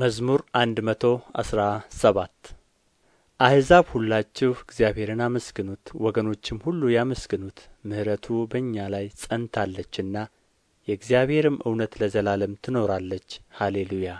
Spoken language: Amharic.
መዝሙር መቶ አስራ ሰባት አሕዛብ ሁላችሁ እግዚአብሔርን አመስግኑት ወገኖችም ሁሉ ያመስግኑት ምሕረቱ በእኛ ላይ ጸንታለችና የእግዚአብሔርም እውነት ለዘላለም ትኖራለች ሃሌሉያ